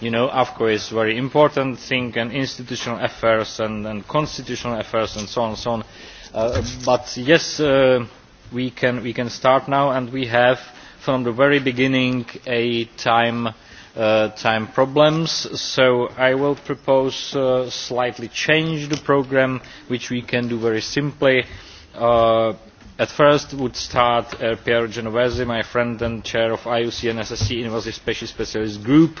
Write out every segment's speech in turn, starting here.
you know afco is a very important thing and institutional affairs and, constitutional affairs and so on and so on but yes we can start now and we have from the very beginning a time time problems so i will propose uh, slightly change the program which we can do very simply uh, at first would start uh, Pierre Genovese, my friend and chair of IUCN SSC, Invasive Species Specialist Group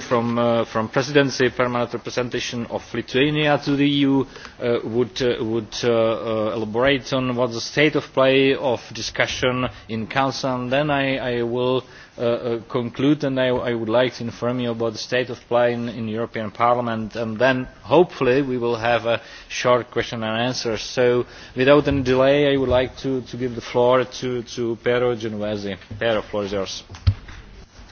from the presidency permanent representation of lithuania to the eu would elaborate on what the state of play of discussion in the council and then i will conclude and i would like to inform you about the state of play in the european parliament and then hopefully we will have a short question and answer. so without any delay i would like to give the floor to Pero genovese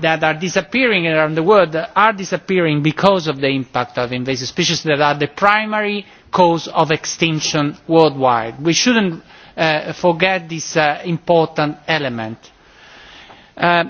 that are disappearing around the world are disappearing because of the impact of invasive species that are the primary cause of extinction worldwide. We should uh, forget this uh, important element. Uh,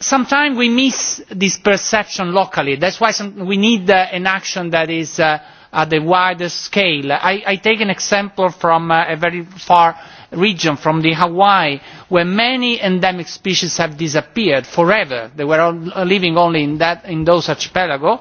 sometimes we miss this perception locally. That is why some, we need uh, an action that is uh, at a wider scale. I, I take an example from uh, a very far region from hawaii where many endemic species have disappeared forever they were living only in those archipelagos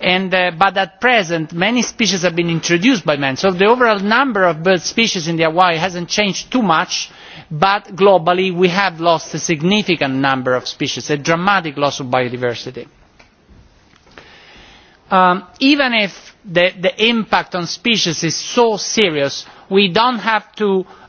but at present many species have been introduced by man so the overall number of bird species in hawaii has not changed too much but globally we have lost a significant number of species a dramatic loss of biodiversity. even if the impact on species is so serious we do not have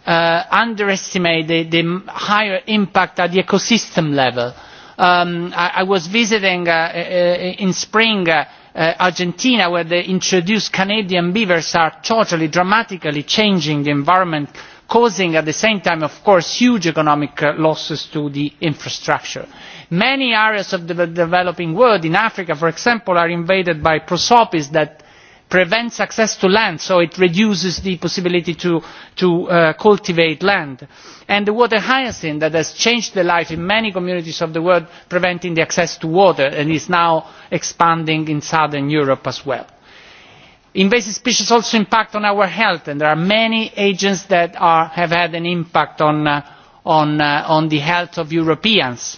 underestimate the, higher impact at the ecosystem level. I, was visiting in spring Argentina where the introduced Canadian beavers are totally dramatically changing the environment causing at the same time of course huge economic losses to the infrastructure. Many areas of the developing world in Africa for example are invaded by prosopis that prevents access to land so it reduces the possibility to cultivate land and the water hyacinth that has changed the life in many communities of the world preventing access to water and is now expanding in southern europe as well. invasive species also impact on our health and there are many agents that have had an impact on the health of europeans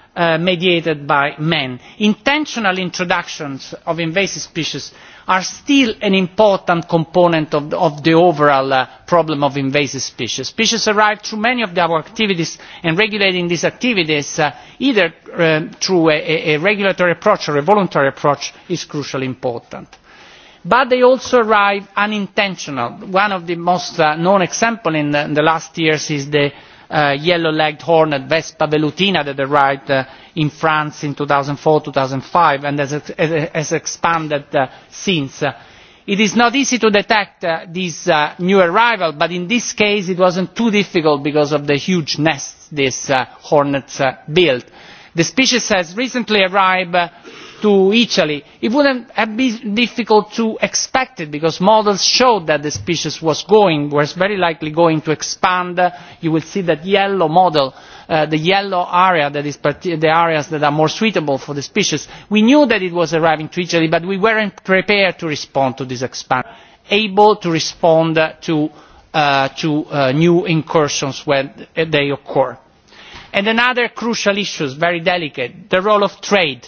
mediated by man. intentional introductions of invasive species are still an important component of the overall problem of invasive species. species arrive through many of our activities and regulating these activities either through a regulatory approach or a voluntary approach is crucially important but they also arrive unintentionally. one of the most known examples in the last years is yellow legged hornet vespa velutina that arrived in france in two thousand and four two thousand and five and has expanded since. it is not easy to detect this new arrival but in this case it was not too difficult because of the huge nests these hornets build. the species has recently arrived to Italy, it wouldn't have been difficult to expect it because models showed that the species was going, was very likely going to expand. You will see that yellow model, uh, the yellow area that is the areas that are more suitable for the species. We knew that it was arriving to Italy, but we weren't prepared to respond to this expansion, able to respond to, uh, to uh, new incursions when they occur. And another crucial issue, very delicate, the role of trade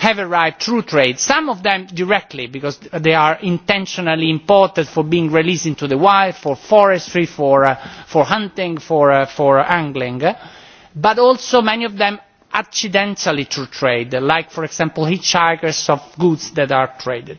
have arrived through trade some of them directly because they are intentionally imported for being released into the wild for forestry for hunting for angling but also many of them accidentally through trade like for example hitchhikers of goods that are traded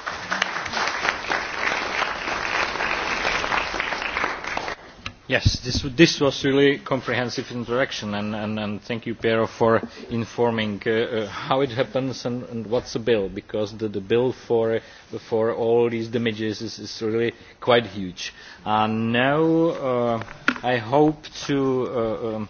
Yes, this, this was really comprehensive interaction, and, and, and thank you, Piero, for informing uh, how it happens and, and what's the bill, because the, the bill for, for all these damages is, is really quite huge. And now uh, I hope to. Uh, um,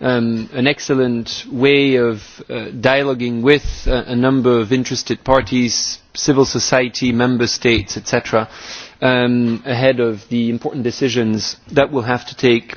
um, an excellent way of uh, dialoguing with a, a number of interested parties, civil society, member states, etc., um, ahead of the important decisions that we'll have to take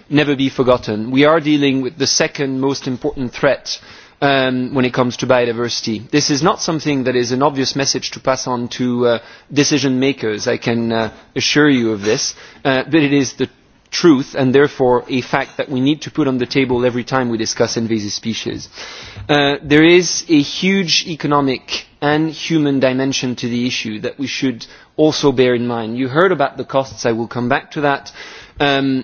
never be forgotten. We are dealing with the second most important threat um, when it comes to biodiversity. This is not something that is an obvious message to pass on to uh, decision makers, I can uh, assure you of this, uh, but it is the truth and therefore a fact that we need to put on the table every time we discuss invasive species. Uh, there is a huge economic and human dimension to the issue that we should also bear in mind. You heard about the costs, I will come back to that. Um,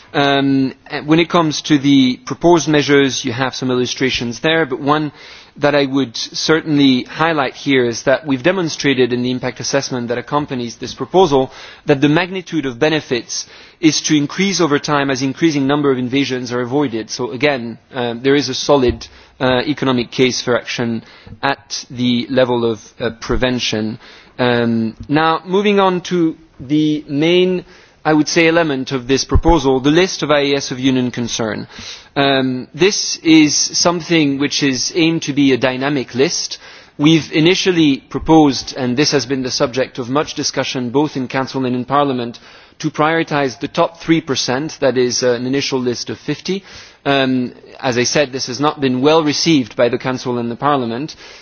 Um, when it comes to the proposed measures, you have some illustrations there, but one that I would certainly highlight here is that we have demonstrated in the impact assessment that accompanies this proposal that the magnitude of benefits is to increase over time as increasing number of invasions are avoided. So again, there is a solid economic case for action at the level of prevention. now, moving on to the main I would say, element of this proposal, the list of IAS of union concern. this is something which is aimed to be a dynamic list. We have initially proposed, and this has been the subject of much discussion both in Council and in Parliament, to prioritise the top 3%, that is an initial list of fifty. as I said, this has not been well received by the Council and the Parliament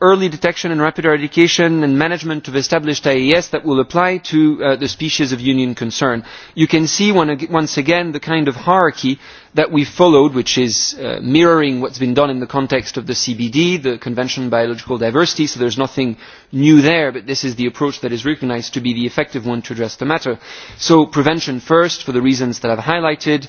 early detection and rapid eradication and management of established AES that will apply to uh, the species of union concern. You can see one, once again the kind of hierarchy that we followed, which is uh, mirroring what's been done in the context of the CBD, the Convention on Biological Diversity, so there's nothing new there, but this is the approach that is recognized to be the effective one to address the matter. So prevention first, for the reasons that I've highlighted,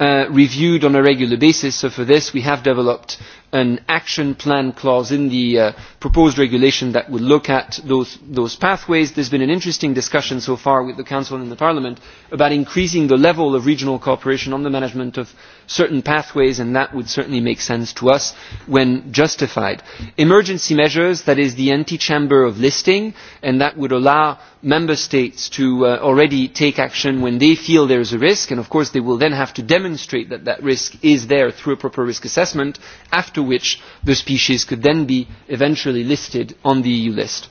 reviewed on a regular basis. So for this, we have developed an action plan clause in the proposed regulation that would look at those, pathways. There has been an interesting discussion so far with the Council and Parliament about increasing the level of regional cooperation on the management of certain pathways, and that would certainly make sense to us when justified. Emergency measures, that is the anti chamber of listing, and that would allow member states to already take action when they feel there is a risk, and of course they will then have to demonstrate that that risk is there through a proper risk assessment after through which the species could then be eventually listed on the EU list.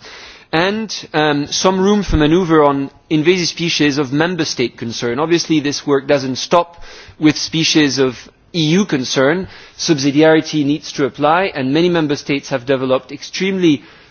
And um, some room for manoeuvre on invasive species of member state concern. Obviously this work doesn't stop with species of EU concern. Subsidiarity needs to apply and many member states have developed extremely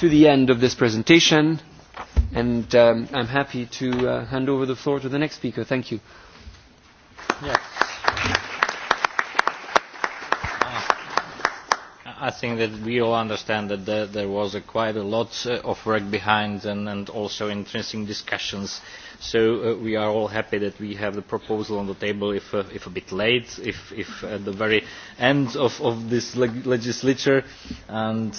to the end of this presentation, and um, I'm happy to uh, hand over the floor to the next speaker. Thank you. Yes. I think that we all understand that there, there was a quite a lot of work behind and, and also interesting discussions uh, So we are all happy that we have the proposal on the table, if, if a bit late, if, if at the very end of, this legislature, and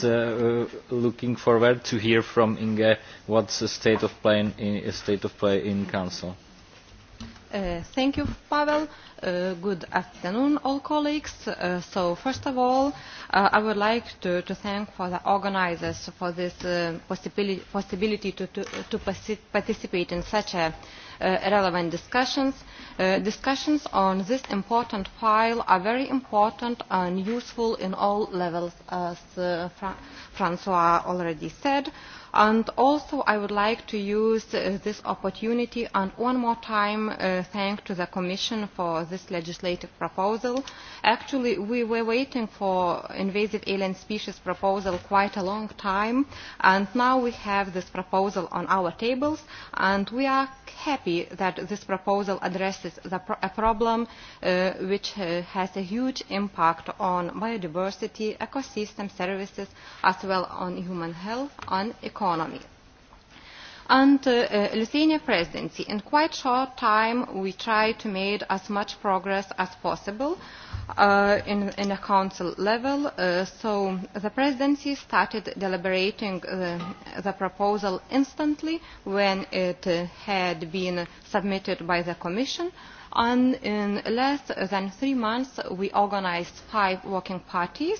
looking forward to hearing from Inge what is the state of play in, state of play in Council. thank you, Pavel good afternoon, all colleagues. Uh, so first of all, uh, I would like to, to thank for the organizers for this uh, possibility, possibility to, to, to participate in such a uh, relevant discussions. Uh, discussions on this important file are very important and useful in all levels, as uh, Fra Francois already said And also I would like to use this opportunity and one more time thank the Commission for this legislative proposal. Actually, we were waiting for invasive alien species proposal for quite a long time, and now we have this proposal on our tables, and we are happy that this proposal addresses the a problem which has a huge impact on biodiversity, ecosystem services, as well as on human health and economic economy. And uh, uh, Lithuania presidency, in quite short time, we tried to make as much progress as possible uh, in, in a council level. Uh, so the presidency started deliberating uh, the proposal instantly when it uh, had been submitted by the commission. And in less than three months, we organized five working parties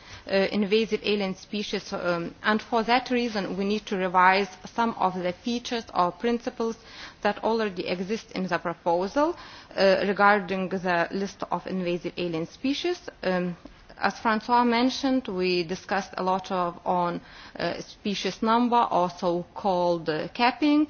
invasive alien species and for that reason we need to revise some of the features or principles that already exist in the proposal regarding the list of invasive alien species as Francois mentioned, we discussed a lot of on uh, species number, also called uh, capping,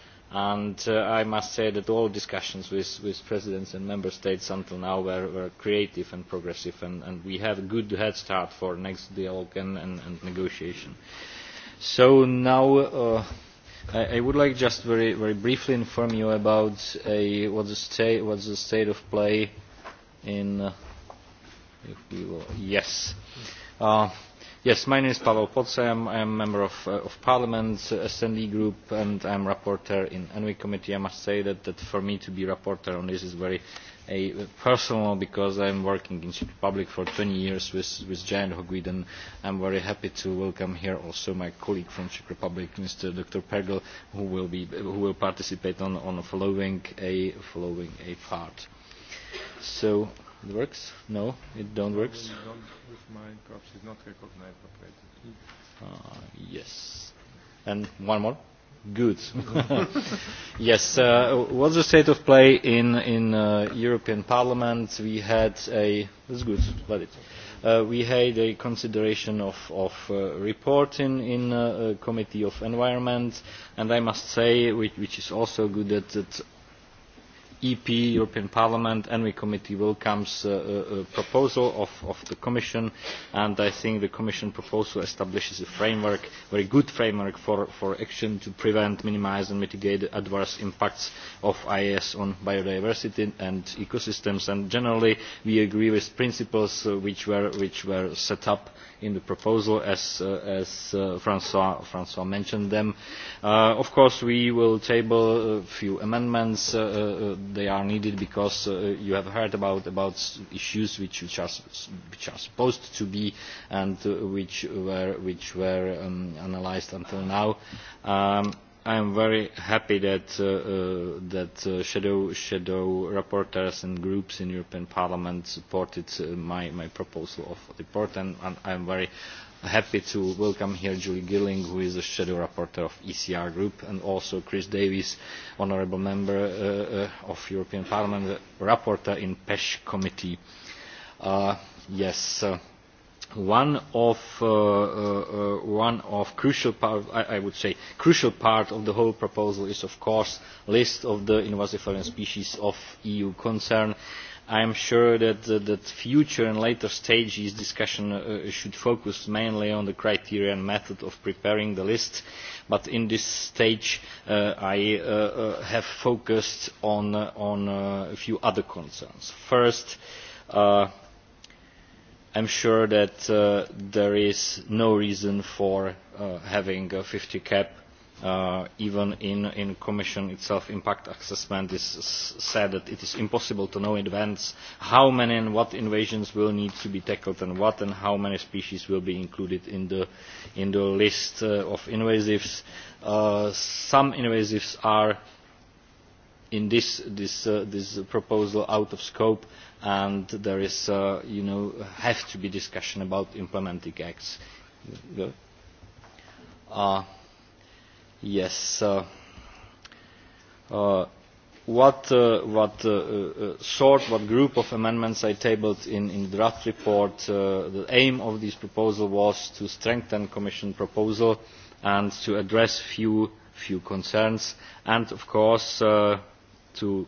and i must say that all discussions with presidents and member states until now were creative and progressive and we have a good head start for the next dialogue and negotiation. so now i would like just very briefly to inform you about what is the state of play in yes yes my name is pavel poc i am a member of parliament sd group and i am rapporteur in the envi committee. i must say that for me to be rapporteur on this is very personal because i am working in the czech republic for twenty years with jan hguyn and i am very happy to welcome here also my colleague from the czech republic mr dr pergl who will participate in following a part. It works? No, it don't work. With mine, perhaps it's not recognized properly. Uh, yes. And one more. Good. yes. Uh, what's the state of play in in uh, European Parliament? We had a. That's good. Let it. Uh, we had a consideration of of uh, report in in uh, committee of environment, and I must say, which, which is also good that. that ep european parliament envi committee welcomes the proposal of the commission and i think the commission proposal establishes a framework a very good framework for action to prevent minimise and mitigate the adverse impacts of ias on biodiversity and ecosystems and generally we agree with principles which were set up in the proposal as franois mentioned them. of course we will table a few amendments they are needed because uh, you have heard about, about issues which, which, are, which are supposed to be and uh, which were, which were um, analyzed until now. Um, I am very happy that, uh, uh, that uh, shadow, shadow rapporteurs and groups in European Parliament supported uh, my, my proposal of report and, and I am very uh, happy to welcome here Julie Gilling, who is the shadow rapporteur of ECR Group, and also Chris Davies, honourable member of the European Parliament, rapporteur in PESH committee. yes, one of one of crucial part, I, I would say, crucial part of the whole proposal is, of course, list of the invasive alien species of EU concern I am sure that the future and later stages discussion should focus mainly on the criteria and method of preparing the list, but in this stage I have focused on, a few other concerns. First, I am sure that there is no reason for having a fifty cap uh, even in, in Commission itself impact assessment is said that it is impossible to know in advance how many and what invasions will need to be tackled and what and how many species will be included in the, in the list uh, of invasives. Uh, some invasives are in this, this, uh, this proposal out of scope and there is, uh, you know, have to be discussion about implementing acts. Uh, Yes. Uh, uh, what uh, what uh, uh, sort, what group of amendments I tabled in, in the draft report, uh, the aim of this proposal was to strengthen Commission proposal and to address few, few concerns and, of course, uh, to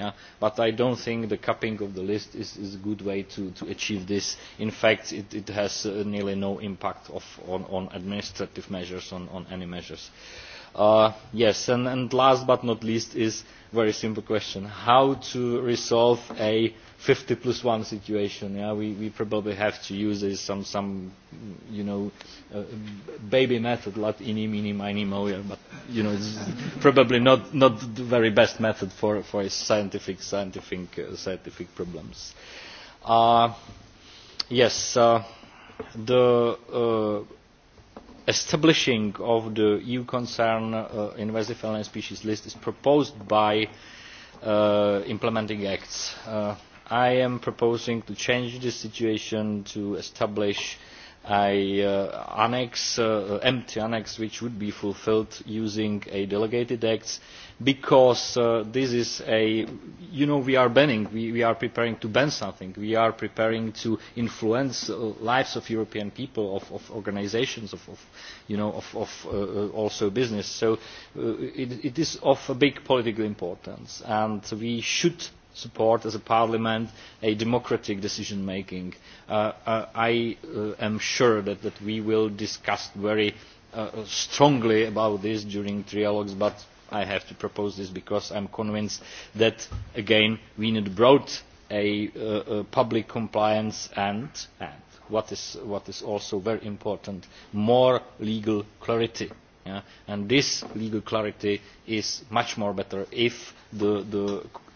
Yeah? But I don't think the capping of the list is, is a good way to, to achieve this. In fact, it, it has uh, nearly no impact of, on, on administrative measures, on, on any measures. Uh, yes, and, and last but not least is a very simple question. How to resolve a fifty plus one situation. Yeah, we, we probably have to use this some some you know uh, baby method, like ini mini mini moya, but you know it's probably not not the very best method for for scientific scientific uh, scientific problems. Uh, yes, uh, the. Uh, establishing of the EU concern uh, invasive alien species list is proposed by uh, implementing acts. Uh, I am proposing to change the situation to establish an annex, uh, empty annex, which would be fulfilled using a delegated act, because this is a, you know, we are banning, we, we are preparing to ban something, we are preparing to influence the lives of European people, of, of organisations, of, of, you know, of, of also business. So it, it is of a big political importance, and we should support as a parliament a democratic decision making. I am sure that, we will discuss very strongly about this during trialogues, but I have to propose this because I am convinced that, again, we need broad a, public compliance and, and what, is, what is also very important, more legal clarity and this legal clarity is much more better if the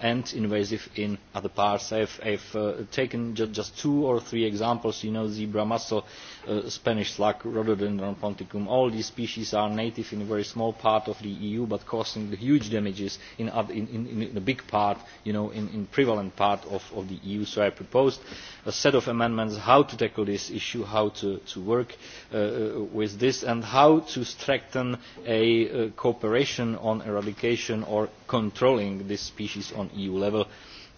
and invasive in other parts. i have taken just two or three examples you know zebra mussel Spanish slug, rhododendron than ponticum. All these species are native in a very small part of the EU, but causing huge damages in, other, in, in, in a big part, you know, in, in prevalent part of, of the EU. So I proposed a set of amendments how to tackle this issue, how to, to work uh, with this, and how to strengthen a uh, cooperation on eradication or controlling this species on EU level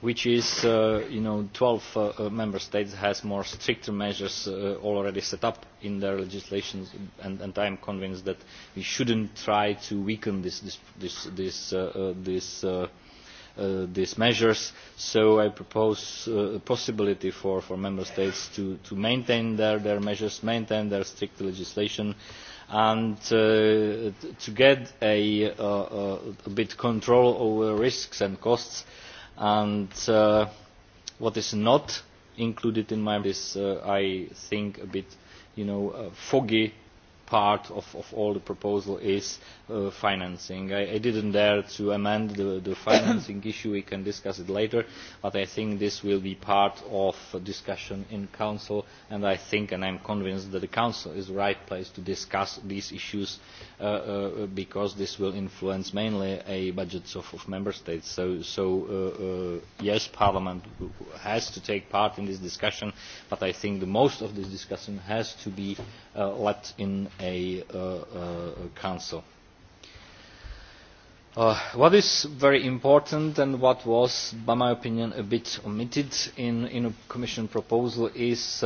which is you know twelve member states have more stricter measures already set up in their legislation and i am convinced that we should not try to weaken these measures so i propose a possibility for member states to maintain their measures maintain their strict legislation and to get a bit of control over risks and costs and uh, what is not included in my is uh, I think a bit you know uh, foggy part of, of all the proposal is financing. I, did didn't dare to amend the, financing issue. We can discuss it later, but I think this will be part of the discussion in Council, and I think and I am convinced that the Council is the right place to discuss these issues because this will influence mainly the budgets of, Member States. So, yes, Parliament has to take part in this discussion, but I think most of this discussion has to be left in a Council what is very important and what was, by my opinion, a bit omitted in, in the Commission proposal is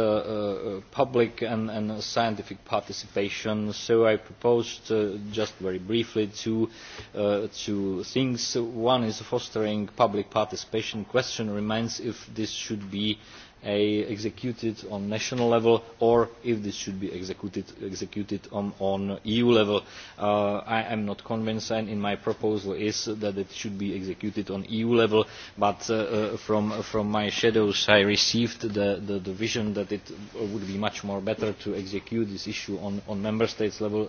public and, and scientific participation. So I proposed just very briefly two, things. One is fostering public participation. The question remains if this should be executed on national level or if this should be executed on EU level. I am not convinced and in my proposal is that it should be executed on EU level but from, my shadows I received the, vision that it would be much more better to execute this issue on, member states level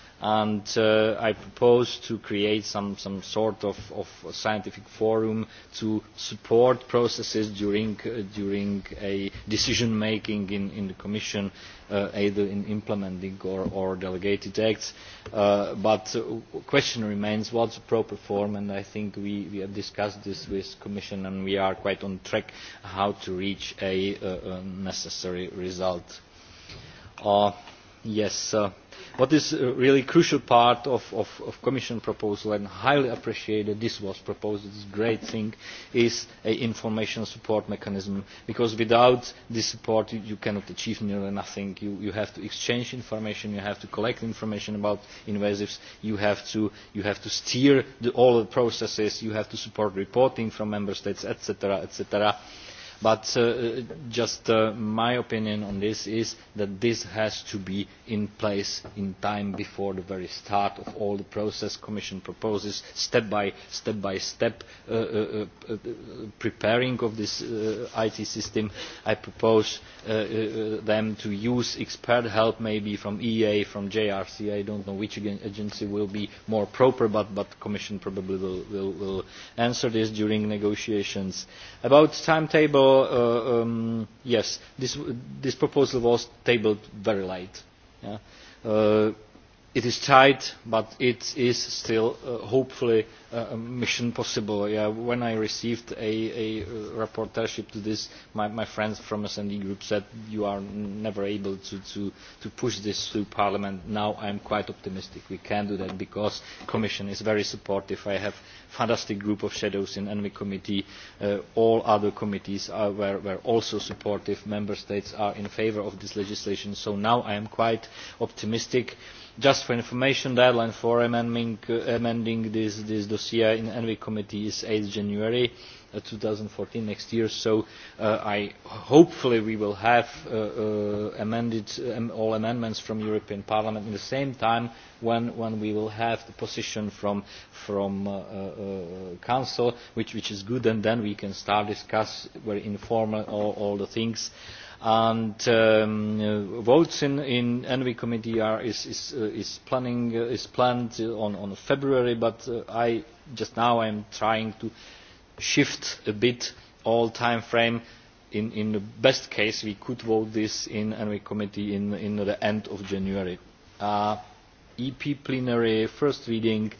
and i propose to create some sort of scientific forum to support processes during decision making in the commission either in implementing or delegated acts but the question remains what is the proper form and i think we have discussed this with the commission and we are quite on track on how to reach a necessary result. Yes. What is a really crucial part of the Commission proposal and highly appreciated this was proposed, this great thing, is an information support mechanism because without this support you cannot achieve nearly nothing. You have to exchange information, you have to collect information about invasives, you have to steer all the processes, you have to support reporting from member states, etc but just my opinion on this is that this has to be in place in time before the very start of all the process the commission proposes step by step by step preparing of this it system. i propose them to use expert help maybe from eea from jrc i do not know which agency will be more proper but the commission probably will answer this during negotiations. about the timetable So yes, this proposal was tabled very late it is tight but it is still hopefully a mission possible. when i received a rapporteurship to this my friends from the D group said you are never able to push this through parliament. now i am quite optimistic we can do that because the commission is very supportive. i have a fantastic group of shadows in the envi committee. all other committees were also supportive. member states are in favour of this legislation so now i am quite optimistic just for information the deadline for amending this dossier in the envi committee is eight january two thousand and fourteen next year so hopefully we will have amended all amendments from the european parliament at the same time when we will have the position from the council which is good and then we can start discussing very informally all the things and votes in the envi committee are planned for february but i just now i am trying to shift a bit all time frame in the best case we could vote this in envi committee in the end of january ep plenary first reading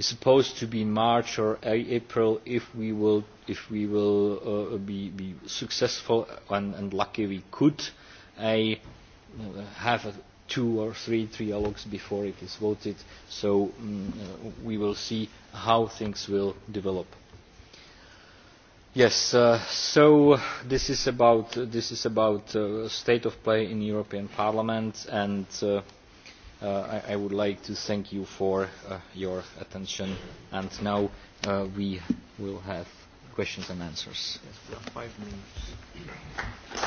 is supposed to be in March or April if we will, if we will uh, be, be successful and, and lucky we could uh, have a two or three trialogues before it is voted, so um, uh, we will see how things will develop. Yes, uh, so this is about, this is about uh, state of play in the European Parliament and uh, I, I would like to thank you for your attention. And now we will have questions and answers. Yes, we have five minutes.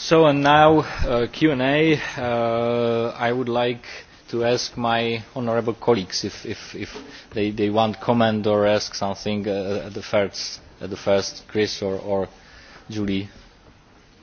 So and now uh, Q&A. Uh, I would like to ask my honourable colleagues if, if, if they, they want comment or ask something uh, at the first, at the first Chris or, or Julie.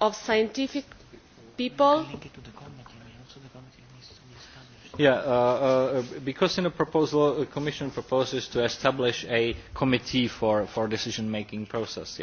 of scientific people because in the proposal the commission proposes to establish a committee for the decision making process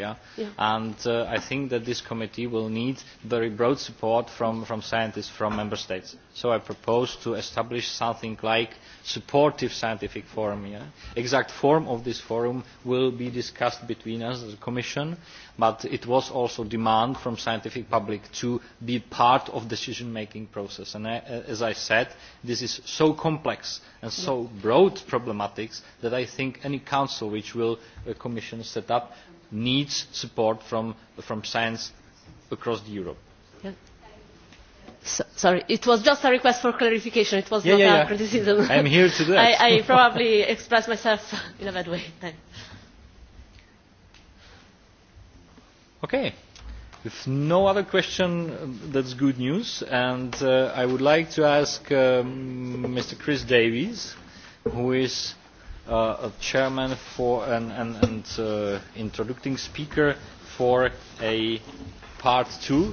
and i think that this committee will need very broad support from scientists from member states so i propose to establish something like a supportive scientific forum. the exact form of this forum will be discussed between us as a commission but it was also a demand from the scientific public to be part of the decision making process and as i said this is so complex and so broad problematic that I think any council which the commission will set up needs support from, science across Europe. sorry, it was just a request for clarification. It was not a criticism. I am here to do that. I, I probably expressed myself in a bad way. Okay. If no other question, that's good news. And uh, I would like to ask um, Mr. Chris Davies, who is uh, a chairman for and, and, and uh, introducing speaker for a part two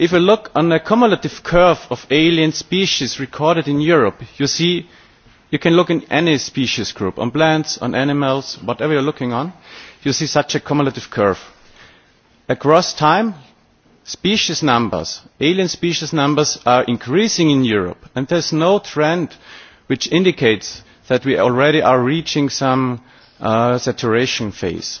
if you look on the cumulative curve of alien species recorded in europe you see you can look in any species group on plants on animals whatever you're looking on you see such a cumulative curve across time species numbers alien species numbers are increasing in europe and there's no trend which indicates that we already are reaching some saturation phase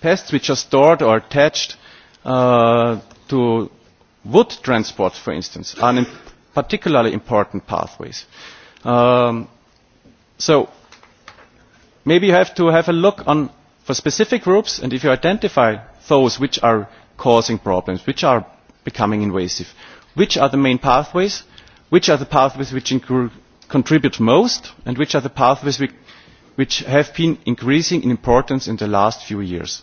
pests which are stored or attached uh, to wood transport, for instance, are in particularly important pathways. Um, so maybe you have to have a look on for specific groups, and if you identify those which are causing problems, which are becoming invasive, which are the main pathways, which are the pathways which contribute most, and which are the pathways which have been increasing in importance in the last few years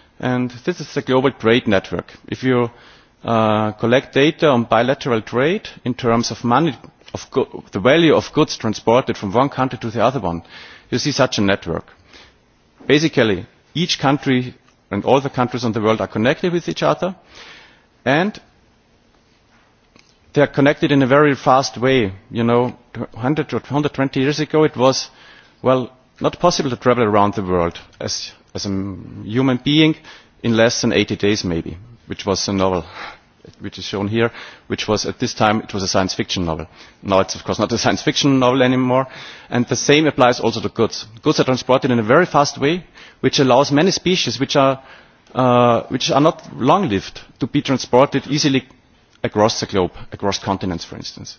and this is the global trade network. If you uh, collect data on bilateral trade in terms of money, of go the value of goods transported from one country to the other one, you see such a network. Basically, each country and all the countries in the world are connected with each other, and they are connected in a very fast way. You know, 100 or 120 years ago, it was, well, not possible to travel around the world as as a human being in less than 80 days maybe, which was a novel which is shown here, which was at this time it was a science fiction novel. Now it's of course not a science fiction novel anymore. And the same applies also to goods. Goods are transported in a very fast way, which allows many species which are uh, which are not long-lived to be transported easily across the globe, across continents, for instance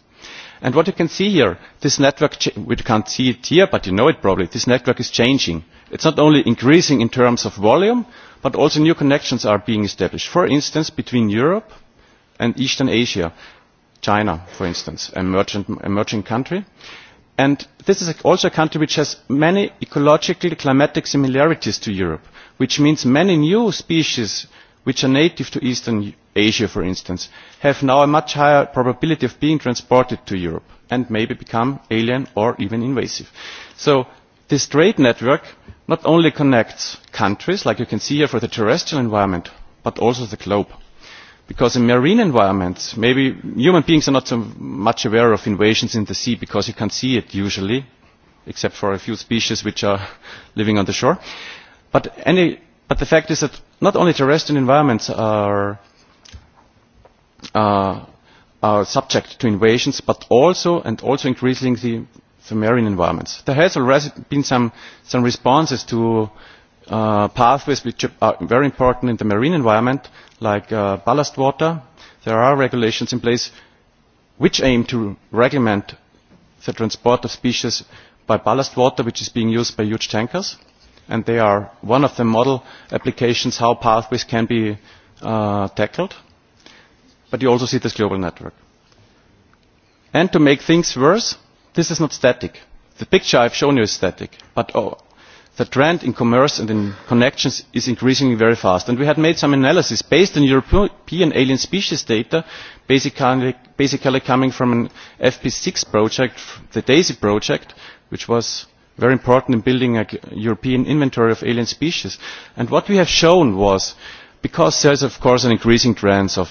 And what you can see here, this network, we can't see it here, but you know it probably, this network is changing. It's not only increasing in terms of volume, but also new connections are being established. For instance, between Europe and Eastern Asia, China, for instance, an emerging, emerging country. And this is also a country which has many ecological climatic similarities to Europe, which means many new species which are native to Eastern Asia, for instance, have now a much higher probability of being transported to Europe and maybe become alien or even invasive. So this trade network not only connects countries, like you can see here for the terrestrial environment, but also the globe. Because in marine environments, maybe human beings are not so much aware of invasions in the sea because you can't see it usually, except for a few species which are living on the shore. But, any, but the fact is that not only terrestrial environments are uh, are subject to invasions, but also and also increasingly the marine environments. There has already been some, some responses to uh, pathways which are very important in the marine environment, like uh, ballast water. There are regulations in place which aim to regulate the transport of species by ballast water, which is being used by huge tankers. And they are one of the model applications how pathways can be uh, tackled but you also see this global network. And to make things worse, this is not static. The picture I've shown you is static, but oh, the trend in commerce and in connections is increasing very fast. And we had made some analysis based on European alien species data, basically, basically coming from an FP6 project, the DAISY project, which was very important in building a European inventory of alien species. And what we have shown was, because there is of course an increasing trend of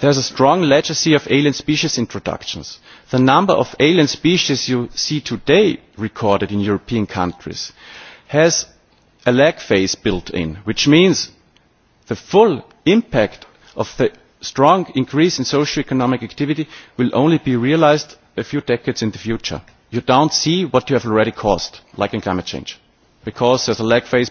There is a strong legacy of alien species introductions. The number of alien species you see today recorded in European countries has a lag phase built in, which means the full impact of the strong increase in socio-economic activity will only be realized a few decades in the future. You don't see what you have already caused, like in climate change, because there is a lag phase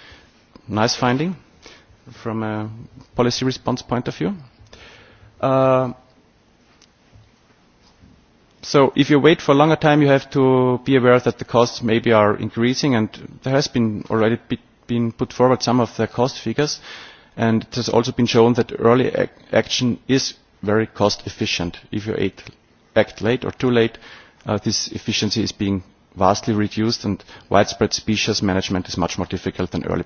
nice finding from a policy response point of view. Uh, so if you wait for a longer time, you have to be aware that the costs maybe are increasing, and there has been already be, been put forward some of the cost figures, and it has also been shown that early ac action is very cost efficient. If you ate act late or too late, uh, this efficiency is being vastly reduced, and widespread species management is much more difficult than early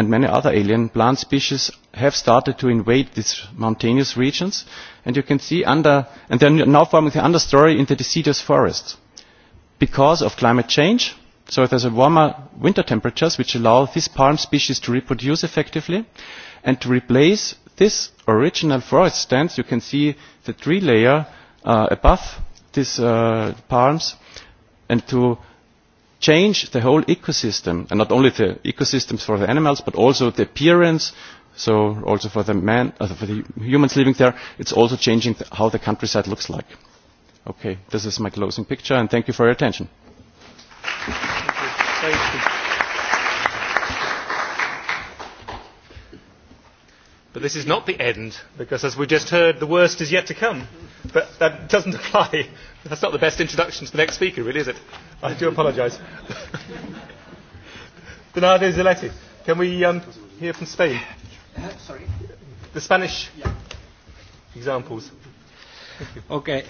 and many other alien plant species have started to invade these mountainous regions and you can see under and they're now forming the understory in the deciduous forests because of climate change so there's a warmer winter temperatures which allow this palm species to reproduce effectively and to replace this original forest stands you can see the tree layer uh, above these uh, palms and to change the whole ecosystem, and not only the ecosystems for the animals, but also the appearance. So also for the man, uh, for the humans living there, it's also changing the, how the countryside looks like. Okay, this is my closing picture, and thank you for your attention. Thank you. Thank you. But this is not the end, because as we just heard, the worst is yet to come. But that doesn't apply. That's not the best introduction to the next speaker, really, is it? I do apologise. Bernardo Zaletti, can we um, hear from Spain? Uh, sorry? The Spanish yeah. examples. Okay.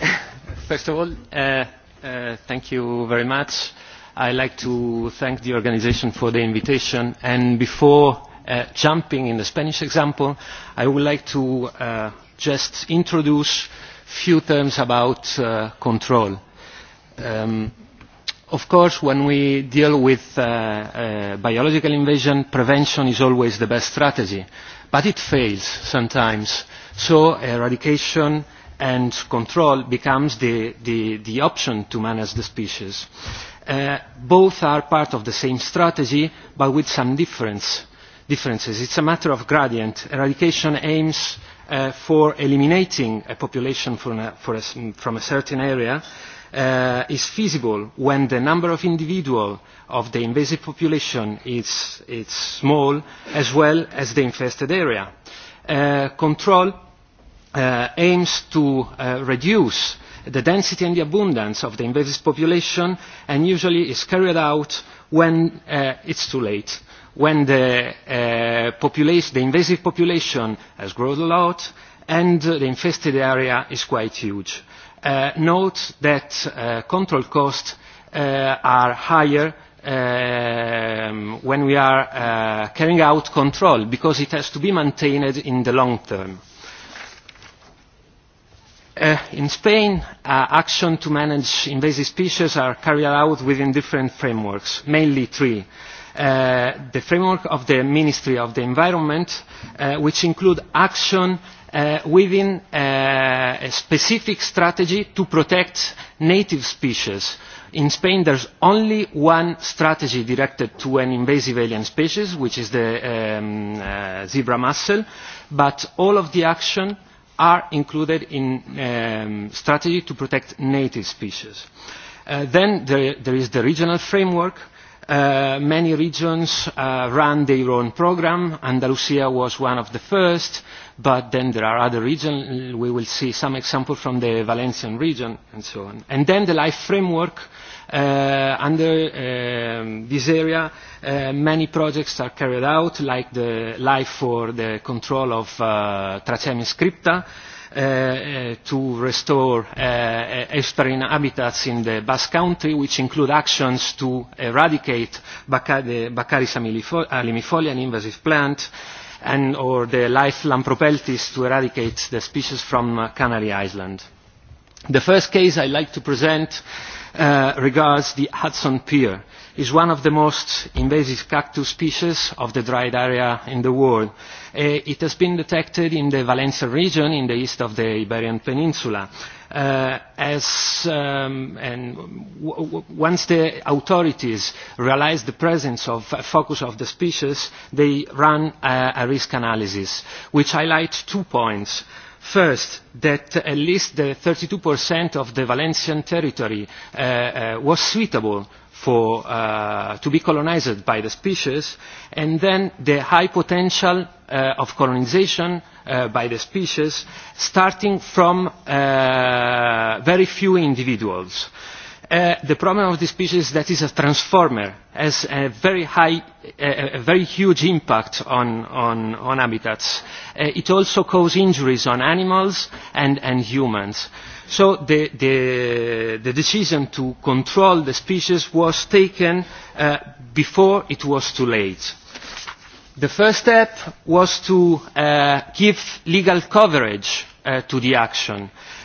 First of all, uh, uh, thank you very much. I'd like to thank the organization for the invitation. And before jumping in the Spanish example, I would like to just introduce a few terms about control. of course, when we deal with biological invasion, prevention is always the best strategy, but it fails sometimes. So eradication and control become the, option to manage the species. both are part of the same strategy, but with some difference differences. It's a matter of gradient. Eradication aims uh, for eliminating a population from a, for a, from a certain area uh, is feasible when the number of individuals of the invasive population is, small as well as the infested area. Uh, control uh, aims to uh, reduce the density and the abundance of the invasive population and usually is carried out when uh, it's too late when the uh, population, the invasive population has grown a lot and the infested area is quite huge. Uh, note that uh, control costs uh, are higher um, when we are uh, carrying out control because it has to be maintained in the long term. Uh, in Spain, uh, action to manage invasive species are carried out within different frameworks, mainly three the framework of the Ministry of the Environment, uh, which include action uh, within uh, a specific strategy to protect native species. In Spain, there's only one strategy directed to an invasive alien species, which is the um, uh, zebra mussel, but all of the action are included in um, strategy to protect native species. Uh, then there, there is the regional framework, Uh, many regions uh, run their own program. Andalusia was one of the first, but then there are other regions. We will see some examples from the Valencian region and so on. And then the life framework uh, under um, this area, uh, many projects are carried out, like the Life for the Control of uh, Tracemia scripta, to restore estuarine habitats in the Basque Country, which include actions to eradicate the Baccharis alimifolia, an invasive plant, and or the life Lampropeltis to eradicate the species from Canary Island. The first case I'd like to present regards the Hudson Pier. It is one of the most invasive cactus species of the dried area in the world. it has been detected in the Valencia region in the east of the Iberian Peninsula. as, and once the authorities realised the presence of a focus of the species, they ran a risk analysis, which highlights two points First, that at least the 32% of the Valencian territory uh, uh, was suitable for, uh, to be colonized by the species, and then the high potential uh, of colonization uh, by the species starting from uh, very few individuals uh, the problem of this species is that it's a transformer, has a very high, a, a very huge impact on, on, on habitats. Uh, it also causes injuries on animals and, and humans. So the, the, the decision to control the species was taken uh, before it was too late. The first step was to uh, give legal coverage uh, to the action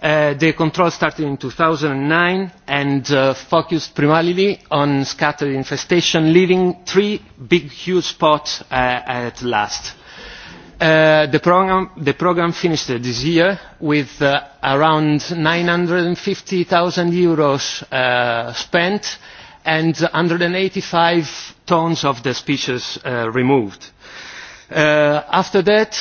the control started in two thousand and nine and focused primarily on scattered infestation leaving three big huge spots at last. the programme finished this year with around eur nine hundred and fifty zero spent and one hundred and eighty five tonnes of the species removed. after that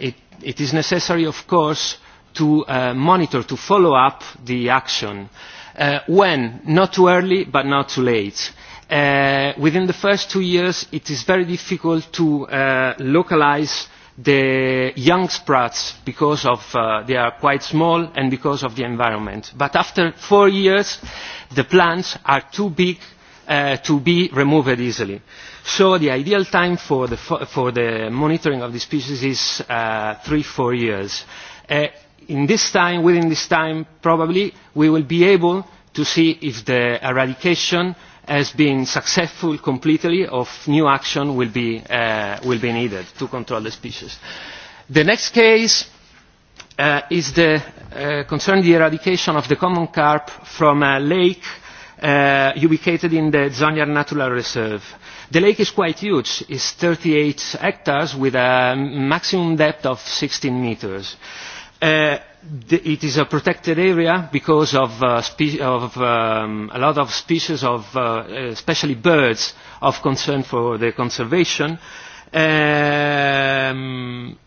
it it is necessary, of course, to uh, monitor, to follow up the action. Uh, when? Not too early, but not too late. Uh, within the first two years, it is very difficult to uh, localize the young sprouts because of, uh, they are quite small and because of the environment. But after four years, the plants are too big uh, to be removed easily. So the ideal time for the, for the monitoring of the species is uh, three, four years. Uh, in this time, within this time, probably we will be able to see if the eradication has been successful completely or if new action will be, uh, will be needed to control the species. The next case uh, is the, uh, concerning the eradication of the common carp from a lake uh, uh, ubicated in the Zonyar Natural Reserve. The lake is quite huge. It's 38 hectares with a maximum depth of 16 meters. Uh, it is a protected area because of, uh, spe of um, a lot of species of, uh, especially birds, of concern for the conservation. Um,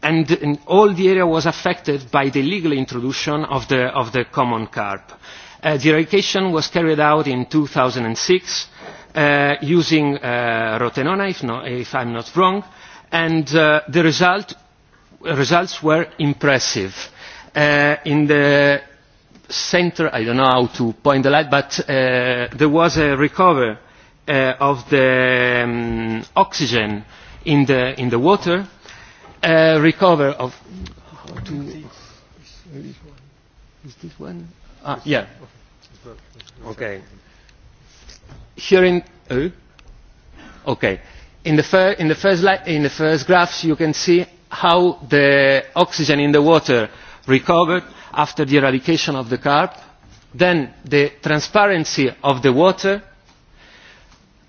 and, and all the area was affected by the legal introduction of the, of the common carp. Uh, Uh, the eradication was carried out in 2006 uh, using uh, rotenona, if, not, if I'm not wrong, and uh, the result, results were impressive. Uh, in the center, I don't know how to point the light, but uh, there was a recovery uh, of the um, oxygen in the, in the water, uh, recover of... Ah, yeah. Okay. Here in, uh, okay. In the, fir in, the first li in the first graphs, you can see how the oxygen in the water recovered after the eradication of the carp, then the transparency of the water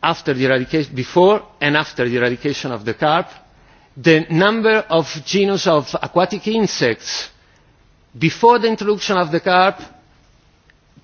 after the eradication, before and after the eradication of the carp, the number of genus of aquatic insects before the introduction of the carp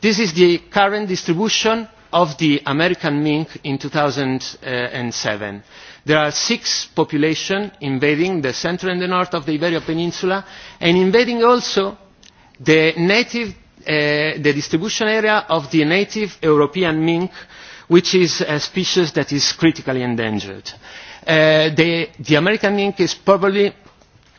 this is the current distribution of the american mink in two thousand and seven there are six populations invading the centre and the north of the iberian peninsula and invading also the native the distribution area of the native european mink which is a species that is critically endangered. the american mink is probably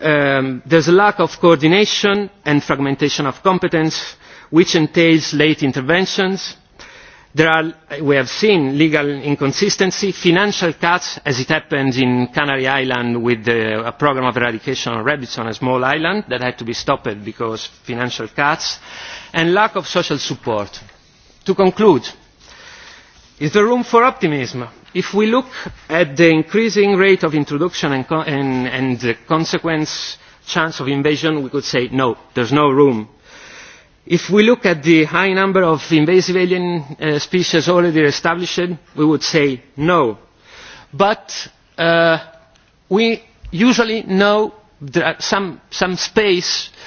there is a lack of coordination and fragmentation of competence which entails late interventions. there are we have seen legal inconsistency financial cuts as happened in canary islands with a programme of eradication of rabies on a small island that had to be stopped because of financial cuts and lack of social support. to conclude is there room for optimism? if we look at the increasing rate of introduction and, and, and the consequence chance of invasion, we could say no, there's no room. If we look at the high number of invasive alien uh, species already established, we would say no. But uh, we usually know there are some, some space uh,